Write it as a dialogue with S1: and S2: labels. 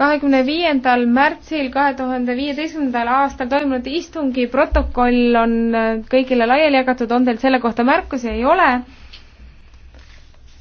S1: kahekümne viiendal märtsil kahe tuhande viieteistkümnendal aastal toimunud istungi protokoll on äh, kõigile laiali jagatud, on teil selle kohta märkusi, ei ole?